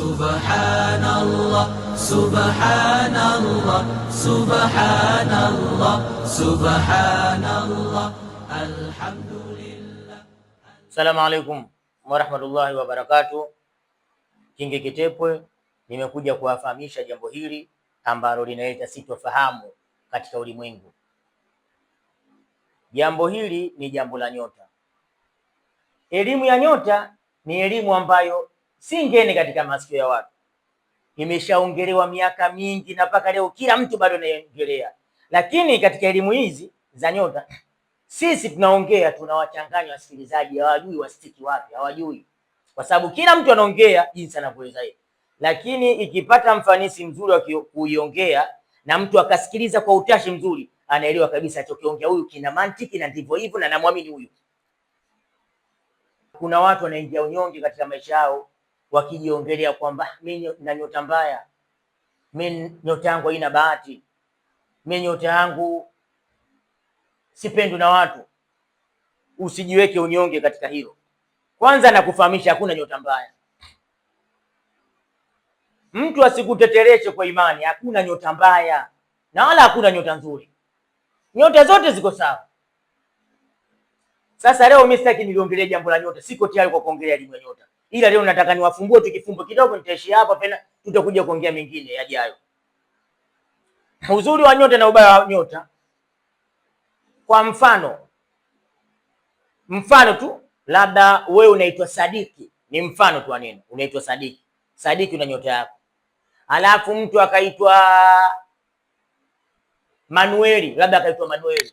Subhanallah, Subhanallah, Subhanallah, Subhanallah, Alhamdulillah. Salamu alaikum warahmatullahi wabarakatuh. Kingi Kitepwe nimekuja kuwafahamisha jambo hili ambalo linaleta sitofahamu katika ulimwengu. Jambo hili ni jambo la nyota. Elimu ya nyota ni elimu ambayo si ngeni katika masikio ya watu, imeshaongelewa miaka mingi na mpaka leo kila mtu bado anaongelea. Lakini katika elimu hizi za nyota sisi tunaongea, tunawachanganya wasikilizaji, hawajui wasitiki wapi, hawajui kwa sababu kila mtu anaongea jinsi anavyoweza yeye, lakini ikipata mfanisi mzuri wa kuiongea na mtu akasikiliza kwa utashi mzuri, anaelewa kabisa alichokiongea huyu kina mantiki na ndivyo hivyo, na namwamini huyu. Kuna watu wanaingia unyonge katika maisha yao wakijiongelea kwamba mimi na nyota mbaya, mimi nyota yangu haina bahati, mimi nyota yangu sipendwi na watu. Usijiweke unyonge katika hilo. Kwanza nakufahamisha hakuna nyota mbaya, mtu asikutetereshe kwa imani. Hakuna nyota mbaya na wala hakuna nyota nzuri, nyota zote ziko sawa. Sasa leo mimi sitaki niliongelee jambo la nyota, siko tayari kwa kuongelea jambo la nyota ila leo nataka niwafumbue tu kifumbo kidogo, nitaishia hapa pena, tutakuja kuongea mengine yajayo. Uzuri wa nyota na ubaya wa nyota, kwa mfano mfano tu, labda wewe unaitwa Sadiki, ni mfano tu wa neno, unaitwa Sadiki. Sadiki una nyota yako, alafu mtu akaitwa Manueli, labda akaitwa Manueli.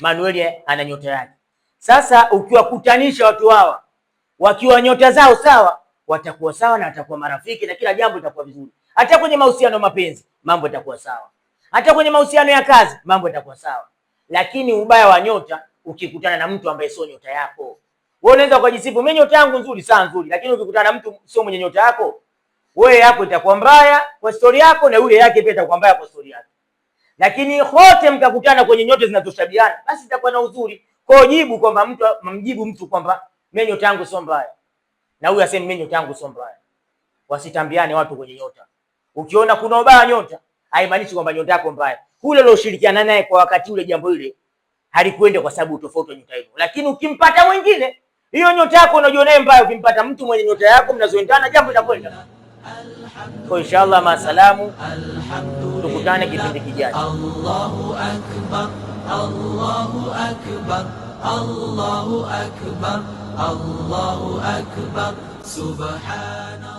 Manueli ana nyota yake sasa ukiwakutanisha watu hawa wakiwa nyota zao sawa, watakuwa sawa na watakuwa marafiki na kila jambo litakuwa vizuri. Hata kwenye mahusiano ya mapenzi mambo yatakuwa sawa, hata kwenye mahusiano ya kazi mambo yatakuwa sawa. Lakini ubaya wa nyota, ukikutana na mtu ambaye sio nyota yako, wewe unaweza ukajisifu, mimi nyota yangu nzuri sana nzuri, lakini ukikutana na mtu sio mwenye nyota yako, wewe yako itakuwa mbaya kwa stori yako, na yule yake pia itakuwa mbaya kwa stori yake. Lakini wote mkakutana kwenye nyota zinazoshabiana, basi itakuwa na uzuri. Kwa jibu kwamba mtu mjibu mtu kwamba menyo tangu sio mbaya, na huyu aseme menyo tangu sio mbaya. Wasitambiane watu kwenye nyota. Ukiona kuna ubaya nyota, haimaanishi kwamba nyota yako mbaya. Ule ulioshirikiana naye kwa wakati ule jambo ile halikuenda kwa sababu tofauti nyota hiyo, lakini ukimpata mwingine, hiyo nyota yako unajua naye mbaya. Ukimpata mtu mwenye nyota yako mnazoendana, jambo litakwenda kwa inshallah. Maasalamu, tukutane kipindi kijacho. Allahu akbar. الله أكبر الله أكبر الله أكبر سبحان الله